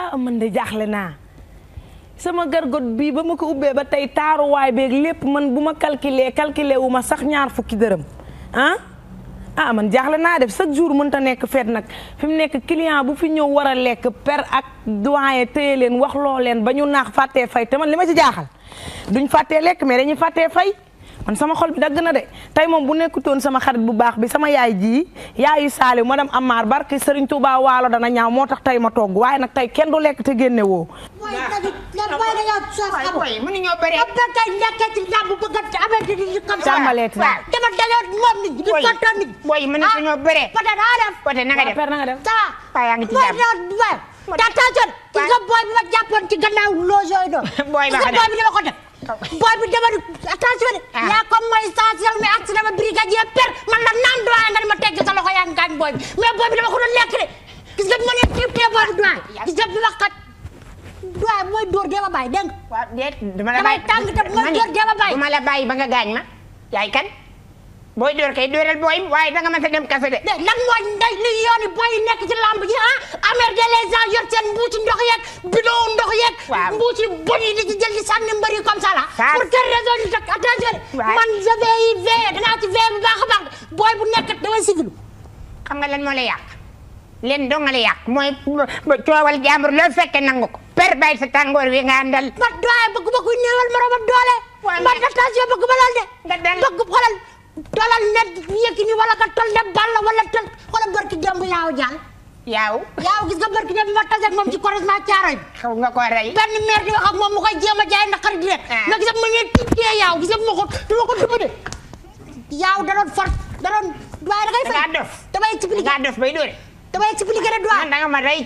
ah man de jaaxle naa sama gargot bii ba ma ko ubbee ba tey taaruwaay beeg lépp man bu ma calculer calculer wu ma sax ñaar fukki dërëm ah. ah man jaaxle naa def chaque jour mënut a nekk feet nag fi mu nekk client bu fi ñëw war a lekk per ak doyen téye leen wax loo leen ba ñu naax fàttee fay te man li ma ci jaaxal duñ fàttee lekk mais dañuy fàttee fay. man sama xol bi dagg na de tey moom bu nekkutoon sama xarit bu baax bi sama yaay ji yaayu saali madame Amar barke tu Touba waalo dana ñaaw moo tax tey ma togg waaye nag tey kenn du lekk te génne woo. waaw waaw waaw mënuñoo bëree. am na tey njëkk ci a amati li comme ça. na waaw dama delloo moom nit du sottoo nit. booy mënuñoo ah, bëree. Poté naa def. Poté na nga def waaw na nga def. ça va. yaa ngi ci jàmm. daa taa jot. waaw ci nga booy bi ma jàppoon ci gannaaw loo yooyu na ci nga booy bi dama attention de. Ah. yaa comme mooy sens yow mi accident ma brigadier per man la naan doyen nga dama tegg sa loxo yaa ngi booy bi mais booy bi dama ko doon lekk de gis nga bi ma leen tiib tee booy bi doyen gis nga bi wax kat mooy dóor dee ma bàyyi dégg nga. ma la bàyyi ba nga gaañ ma yaay kan. booy door kay dooral booy waaye danga mën dem kaso de. lan mooy ndey li yooni booy nekk ci lamb ji ah amer de les gens yor seen mbuuci ndox yeeg bidon ndox yeeg. waaw mbuuci bon yi di ci jël di sànni mbër yi comme ça là. pour quelle raison ñu tak attention. man je vais y veiller danaa ci veiller bu baax a baax booy bu nekk damay sigilu. mooy coowal jàmbur loo fekkee nangu ko. per bay sa tàngoor wi nga àndal. ba doye bëgg ba kuy néewal a doole. waaw mais ba attention bëgg ba de. nga dal bëgg tolal ne Yékini wala nga tol ne Balla wala tol wala barki démb yaaw jaan yaaw yaaw gis nga barki démb ma tase ak moom ci croisement Thiaroye bi xaw nga ko rey benn maire di wax ak moom mu koy jéem a jaay naqari di leen ah. mais gis nga ma ne tiitee yaaw gis nga ma de yaaw da doon fort da doon waaye da ngay fay dangaa dof damay expliqué dangaa dof bay dóore damay expliqué ne doy man da nga ma rey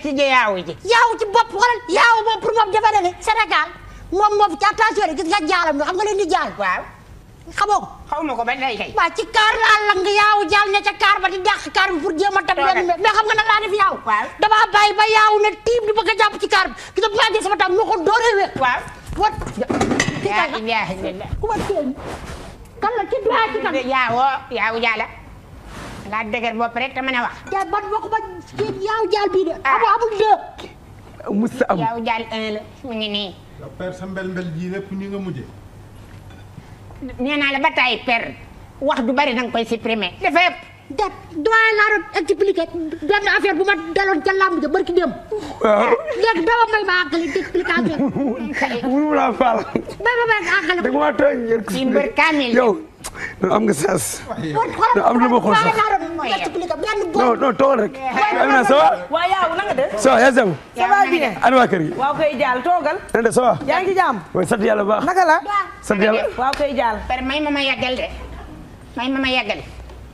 jaalam xam nga leen di jaal xamoo ko. xaw ma ko bañ lay kay. waa ci kaar laa lang yaaw jàll ne ca kaar ba di dàq kaar bi pour jéem a tam leen mais xam nga nag laa def yaaw. waaw damaa ba yaaw ne tiim di bëgg a jàpp ci kaar bi gis nga bu ma ko dooree wér. waaw wat. yaa ngi yaa ngi leen ku ma teel. kan la ci doyen ci a wax. jaay jaal bii de. Ah. amul amul deux. musa am yaaw jaal un la mu ngi nii. sa mbel mbel ji nee naa la ba tay per wax du bari nanga koy supprimer dafa yëpp da doyen laa doon expliquer benn affaire bu ma daloon ca làmb ja barki dem léegi dama may ma àggale explication wuu la faal may ma may àggale da nga ma tooñ yow am nga sens am lu ma xool sax non non toogal rek. Amina ça va. waaw yow na nga def. ça va yaa ngi seetlu. ça va bien. ana waa kër gi. waaw koy jaal toogal. na nga def ça va. yaa ngi ci jàmm. oui sant yàlla bu baax. naka la. sant yàlla. waaw koy jaal. par may ma ma yàggal de may ma ma yàggal.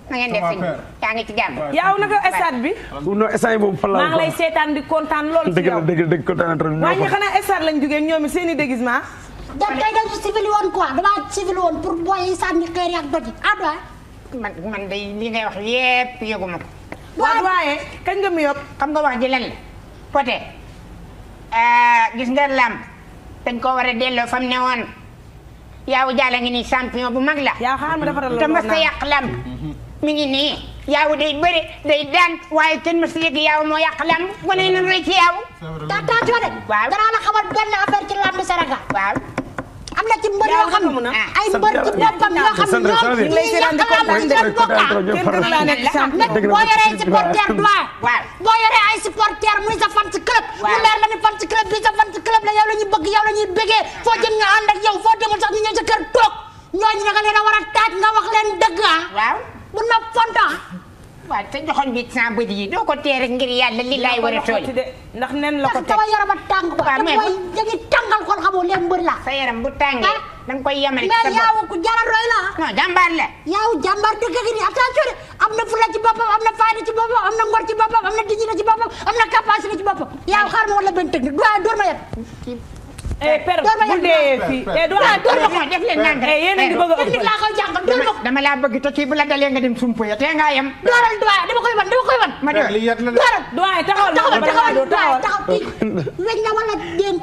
na ngeen def sëñ yaa ngi ci jàmm. yow naka stade bi. non stade moom fan la maa ngi lay seetaan di kontaan lool ci yow. dëgg la dëgg kontaan trop. waa ñi xanaa stade lañ jógee ñoom seen i déguisement. da tey dañu civil woon quoi dama civil woon pour booy yi sànni xeer yi ak doj yi ah, man man day li ngay wax yépp yëguma ko. waaw waaye kañ nga mu yóbb. xam ga wax ji lan la Poté gis nga làmb dañ koo war a delloo fam ne woon yaawu jaala ngi nii champion bu mag la. yaa xaar ma defaral a yàq làmb mi ngi nii yaawu day bëri day daan waaye kenn mas a yëg yaawu moo yàq làmb wane na rëy ci yaawu. daa taa coono. waaw danaa la xamal benn affaire ci làmb Sénégal. xam ay mbër ci boppam yoo xam ne ñoom ñii yàq la boo yoree supporter doy boo yoree ay supporter muy sa fan club mu leer la ni fan club bi sa fan club la yow la ñuy bëgg yow la ñuy bëggee foo jëm ñu ànd ak yow foo demul sax ñu ñëw sa kër toog ñooñu nga leen a war a taaj nga wax leen dëgg ah bu na fonta ah. waaw te joxoñ bi sans bëri ji doo ko teere ngir yàlla li laay war a tooy ndax nen la ko teg ndax sama a tàng ba te mooy mbër la sa yaram bu tàngee ah. da nga koy yemale. mais yaaw ku jara roy la ah. non jàmbaar la. yaaw jàmbaar dëgg gi nii attention de am na fula ci boppam am na faayda ci boppam am na ngor ci boppam am na dignité ci boppam am na capacité ci boppam. yaaw xaaral ma wala benn technique du door ma yeb. per bu dee fii door ma door ma ko def leen nang rek. yéen a ngi bëgg a ëpp laa koy jàngal door ma ko. dama laa bëgg te kii bu la dalee nga dem sumpu ya tee ngaa yem. dooral doyen dama koy wan dama koy wan. ma dooral doyen taxawal ma taxawal taxawal taxawal weñ na wala déen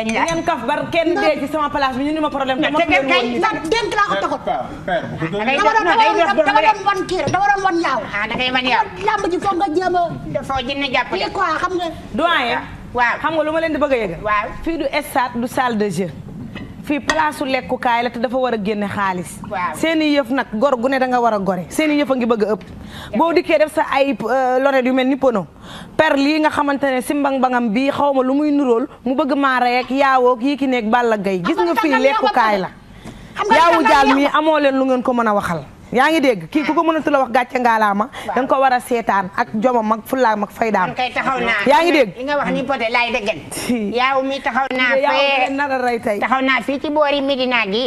di ngeen kaf bar kenn dee ci sama place bi ñu ni ma problème. te ma tudd woon nii nag dénk laa ko taxut. dama doon yaaw. ah da yaaw. làmb ji foog a. dafa jënd jàppale. lii xam nga. lu ma leen di bëgg a yëg. waaw fii du stade du salle de jeu. fii palaasu lekkukaay la te dafa war a génne xaalis seen i yëf nag gor gu ne da nga war a gore seen i yëf a ngi bëgg a ëpp boo dikkee def sa ay euh, lonet yu mel ni pono per lii nga xamante ne si mbang-mbangam bii xaw ma lu muy nurool mu bëgg maa reek yaawoog yii ki neeg bàlla gay gis nga fii lekkukaay la yaawu jaal mii amoo leen lu ngeen ko mën a waxal yaa ngi dégg kii ku ko mënatu la wax gàcce ngaalaama da nga ko war a seetaan ak jomam ak fullaam ak faydaam kay taxaw naa yaa ngi dégg li nga wax ni poté laay dëggan yaaw mi taxaw naa fee nar a rey tey taxaw naa fii ci boori Medina gi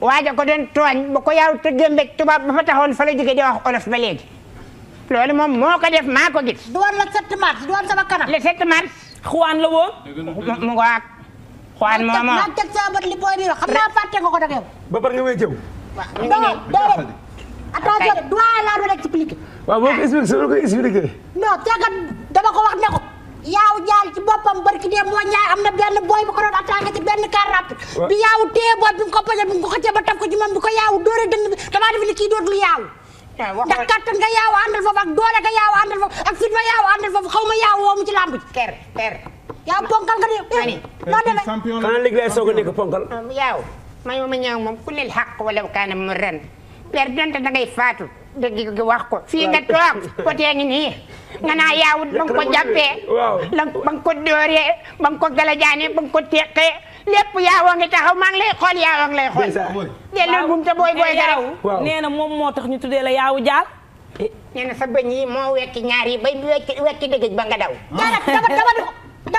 waaja ko den tooñ ba ko yaaw tëggémbeg tubaab ba fa taxawoon fa la jóge di wax olof ba léegi loolu moom moo ko def maa ko gis doon la sept mars doon sama xuwaan la woon mu ngoog xuwaan moomoo naa teg sa bët li booy bi wax xam naa fàtte nga ko dag yow ba pare nga waaw ñu ngi attention de a laa doon expliqué. waaw boo ko expliqué soo ko expliqué. non c'est ko wax ne ko. yaaw jaal ci boppam barki dee moo ñaay am na benn booy bu ko doon attaqué ci benn car rapide. bi yaaw téye booy bi mu ko ba taf ko ci moom bi ko yaaw dóore dënn bi damaa def ni kii dootul yaaw. Eh, waaw ndax kattan nga yaaw àndal foofu ak doole nga yaaw àndal foofu ak fit ma yaaw àndal foofu xaw ma yaaw woomu ci làmb ji. ter ter. yaaw ponkal nga de. a nekk ponkal. yaaw. may ma ñaaw moom ku lil xaq wa kaana mu ren père donte dangay faatu dëgg gi wax ko fii nga toog côté ngi nii nga naa yaawut ba nga ko jàppee la ba ko dóoree ba ko galajaanee ba nga ko teqee lépp yaawoo ngi taxaw maa ngi lay xool yaawoo ngi lay xool delloo buum te booy booy dara nee na moom moo tax ñu tuddee la yaawu jaar nee na sa bëñ yi moo wekki ñaar yi bay wekki wekki ba nga daw jaara taba taba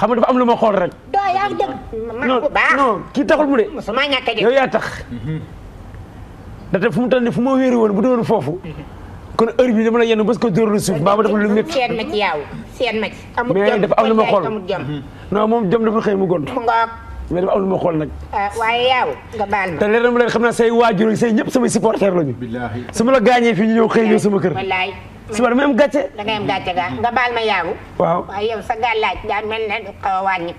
xam nga dafa am lu ma xool rek. doo yaa ngi dégg. bu baax non kii taxul mu de. mosuma ñàkk a dégg yow yaa tax. da te fu mu toll nii fu ma wéeru woon bu doon foofu. kon heure bi dama la yenn parce que dóor la suuf mbaa dafa lu métti seen ma ci yaaw seen ma ci amul jom mais dafa am lu ma xool non moom jom xëy mu gont mais dafa am lu ma xool nag ah, waaye yaaw nga baal ma te leer na mu leen xam naa ñëpp samay supporter lañu su ma la gaañee fii ñu ñëw xëy ñëw sama kër suba dama am gàcce. da ngay am gàcce gaa nga baal ma yaagu. waaw waaye yow sa gàllaaj daal mel ne du xaw a wàññi.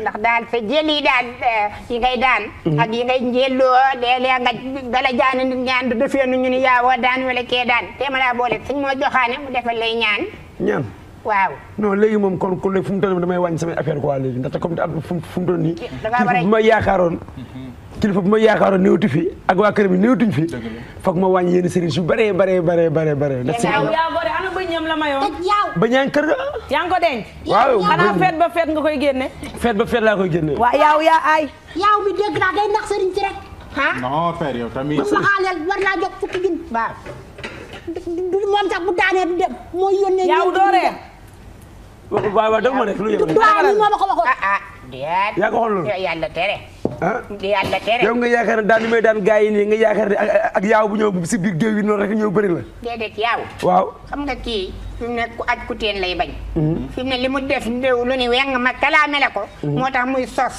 ndax daal sa jël yi daal eh, yi ngay daan. Mm. ak yi ngay njëlloo léeg-léeg nga dala jaanu ñaan du defee ñu ni yaa wa daan wala kee daan téema laa boole suñ moo joxaane mu defal lay ñaan. ñaan. waaw non léegi moom kon kon léegi fu mu toll damay wàññi samay affaire quoi léegi ndaxte comme fu mu toll nii. da ngaa war a ma yaakaaroon. Mm-hmm. kilifa bu ma yaakaaroon néewtu fi ak waa kër bi néewtuñ fi. foog ma wàññi yéen sëriñ su bëree bëree bëree bëree bëree. yaa boole kër yaa ngi ko denc. waaw xanaa feet ba feet koy génne. feet ba feet laa koy génne. waaw yaaw yaa ay. yaaw bi dégg naa day nax sëriñ ci rek. ah non père yow tamit. war naa jox fukki junni. moom sax bu daanee du dem. moo yónnee yaaw dooree. waaw waaw dégg ma rek lu yëg. waaw lii moo ma ko ah, ah, yaa ko waxoon loolu. ah yàlla tere yow nga yaakaar ne daan li may daan gars yi nii nga yaakaar ne ak yaaw bu ñëw si biir géew yi noonu rek ñëw bëri la déedéet yaaw waaw xam nga kii fi ne ak aj ku teen lay bañ mm-hmm. fi mu ne li mu def ndéw lu ni ma kalaame la ko mm-hmm. moo tax muy sos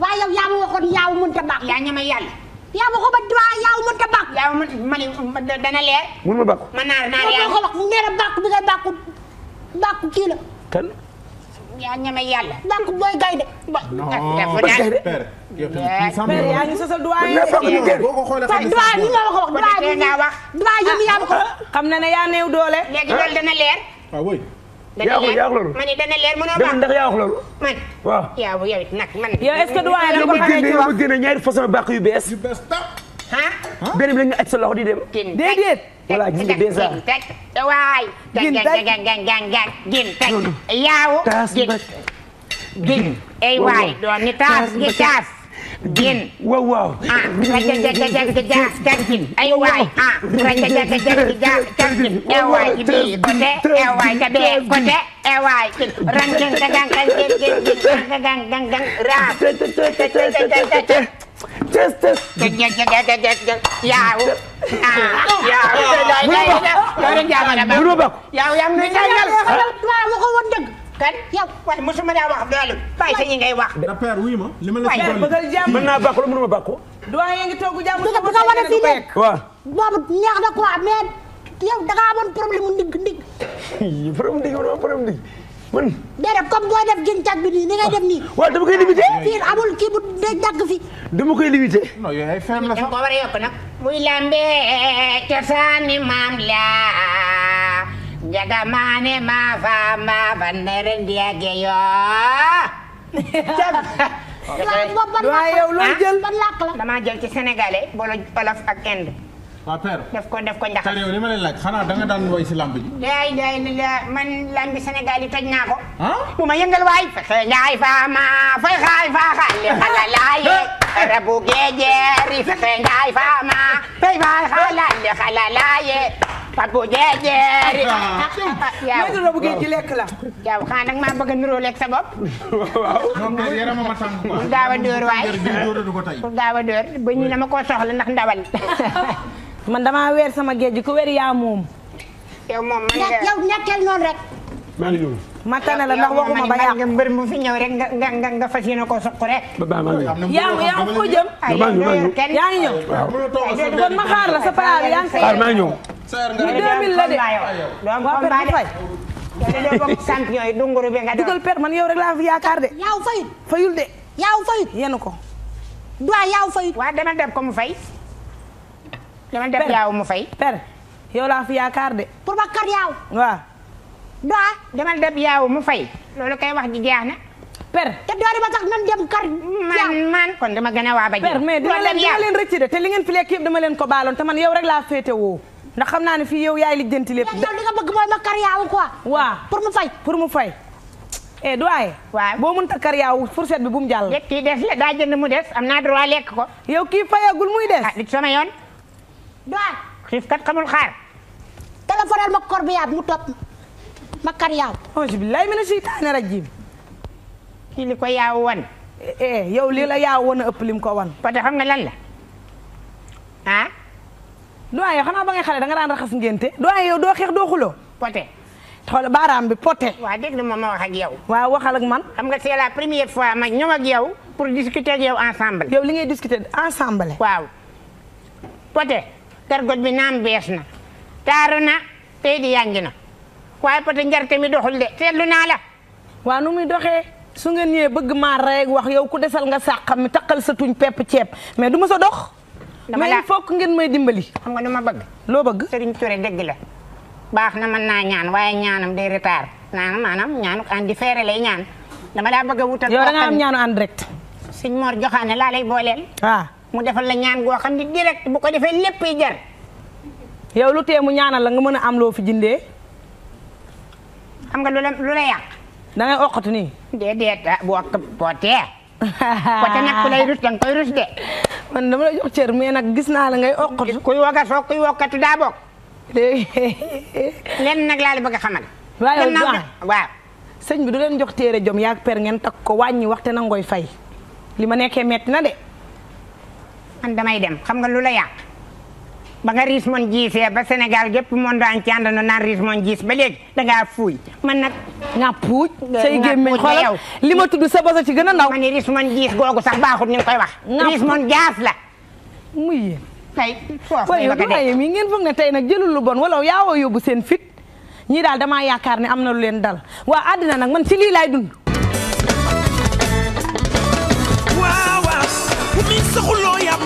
waaye yow yaa ma waxoon yaaw mënta baax yaa ñama yàlla yaa ma ko ba waa yaaw mënta baax yaaw ma dana leer mun ma bàkku ma naar naar yaa ma ko wax nee na bàkku bi ngay bàkku bàkku yaa ñeme yàlla. donc booy gaynde. non eh, yaa ngi sosal doyen. boo ko xoolee xam nga ko wax doyen bi wax. doyen bi yaa ma ko wax. Ah, xam na ne yaa néew doole. léegi loolu dana leer. waaw ah, woy. yaa wax loolu man dana leer mënoo baax ndax yaa wax loolu. man waaw yaa yow it nag man. yow est-ce que doyen da nga ko xamee ci wax ma génne ñaari façon bàq yu bees. yu bees tax. ah. benn bi la ñu aj sa loxo di dem. déedéet voilà gis nga dèjà teg waay. gin teg gin teg yaaw gin gin ay waay doon ni taas gi taas gin waaw waaw ah jajajajajajajaas teg gin ay waay ah jajajajajajajaas teg gin ay waay ci bii côté ay waay ca bee côté ay waay ran gin tagang gin gin gin gin gang gang gang raas test test. yaaw. mënoo ba ko. yaaw yaa ngi ko woon dëgg. kan yow waaye mosuma daa wax loolu. bàyyi sa ñi ngay wax. père wuy ma li ma la ci dolli. mën naa bàkku mënuma bàkku. doyen yaa ngi togg jàmm. dëgg bu nga wane fii nekk. waaw. boobu neex na quoi mais yow da nga amoon problème mu ndig ndig. problème mu ndig problème mu ndig. man. déedéet comme booy def gin cag bi nii ni ngay def nii. Ah, waaw dama koy limité. fii amul kii bu day dagg fi dama koy limité. non yooyu ay fem la sax. ko war a yokk nag. muy lambee cosaani maam laa njagamaane maa faa maa ba nere ndiage yoo. waaye yow loo jël ah, ban làkk la. damaa jël ci sénégalais bolo wolof ak inde. waaw père daf ko daf ko njaxas. père yow li ma leen laaj xanaa da nga daan woy si lamb ji. day day man lamb bi Sénégal yi toj naa ko. Ah? ma yëngal waay. fexe njaay faama fexaay faaxal li xalal laaye. rabu géejeeri fexe rabu géejeeri. Ah, yow mooy nag maa bëgg a niroo lekk sa bopp. waaw moom kay yaram a ma a a ma koo soxla ndax ndawal. man damaa weer sama géej ku weer yaa moom. yow moom noonu rek. maa ngi ñëw. ma tane la ndax waxuma ba yàq. mbër mu fi ñëw rek nga nga nga yaa yaa ko yaa ngi ñëw. kon ma xaar la sa paa bi yaa ngi. xaar maa ngi la de. waaw per man yow rek laa fi yaakaar de. yaaw fayut fayul de. yenu ko. waaw yaaw fayut. waaw ko mu fay. li ma def yaaw fay. per yow laa fi yaakaar de. pour ma kër yaaw. waaw. doa ah, demal def yaaw mu fay. loolu kay wax ji jeex na. per te doori ba tax nan dem kar man dama gën waa ba per mais dama leen dama leen de te li ngeen fi lekk yëpp dama leen ko baaloon te man yow rek laa féete woo ndax xam naa ne fii yow yaay lijjanti lépp yow li nga bëgg mooy ma kar ko quoi waaw pour mu fay pour mu fay eh doye waaw boo mënta kar yaaw fourchette bi bu mu jàll kii mu des am naa lekk ko yow kii fayagul muy des ah sama yoon doy. xiif kat xamul xaar. téléphonel ma corbillard mu topp ma kariyaaw. auzu billaahi mina seytaani kii li ko yaaw wan. Eh, eh, yow lii la yaaw wan a ëpp lim ko wan. Pate xam nga lan la ah. doyen xanaa ba ngay xale da nga daan raxas ngénte doyen yow doo xeex doo xuloo. Poté. xool baaraam bi Poté. waa dégg nga ma ma wax ak yow. waaw waxal man. xam nga c'est la première fois ma ñëw ak yow. pour discuter ak yow ensemble. yow li ngay discuter ensemble. waaw Poté. gargot bi naan bees na taaru na tey di yàngi na waaye peut être njarte mi doxul de seetlu naa la. waa nu muy doxee su ngeen ñëwee bëgg maa rek wax yow ku desal nga sàqam mi takkal sa tuñ pepp ceeb mais du ma sa dox. dama mais il faut ngeen may dimbali. xam nga nu bëgg. loo bëgg Serigne Touré dégg la. baax na mën naa ñaan waaye ñaanam day retard naanam maanaam ñaanu andi feere lay ñaan dama laa bëgg a wutal. yow da nga am ñaanu en direct. Sëñ Mor Joxaane laa lay booleel. Ah. mu defal la ñaan goo xam ne direct bu ko defee lépp yi jar. lu tee mu ñaanal la nga mën a am loo fi jëndee. xam nga lu la lu la yàq. da ngay oqatu nii. déedéet ah boo pootee. pootee nag koy rus de. man dama la jox cër mais gis naa la ngay oqatu. kuy wokkatoo kuy wokkatu daa bokk. léegi. lenn nag laa la bëgg a xamal. waaw waaw. sëñ bi du leen jox téere jom yaag per ngeen takk ko wàññi waxte na ngoy fay. li ma nekkee metti na de. man damay dem xam nga lu la yàq ba nga Richmond jiisee ba senegal gépp monde entier ànd na naan Richmond jiis ba léegi da ngaa fuuy man nag. nga puuj say gémmiñ xoolal li ma tudd sa bosa ci gën a ndaw. ma ni Richmond jiis googu sax baaxut ni nga koy wax. Richmond jaas la. ma yéen. tey foofu la ko def mi ngeen foog ne tey nag jëlul lu bon wala yaawoo yóbbu seen fit ñii daal damaa yaakaar ni am na lu leen dal waa àddina nag man ci lii laay dund. waaw waaw.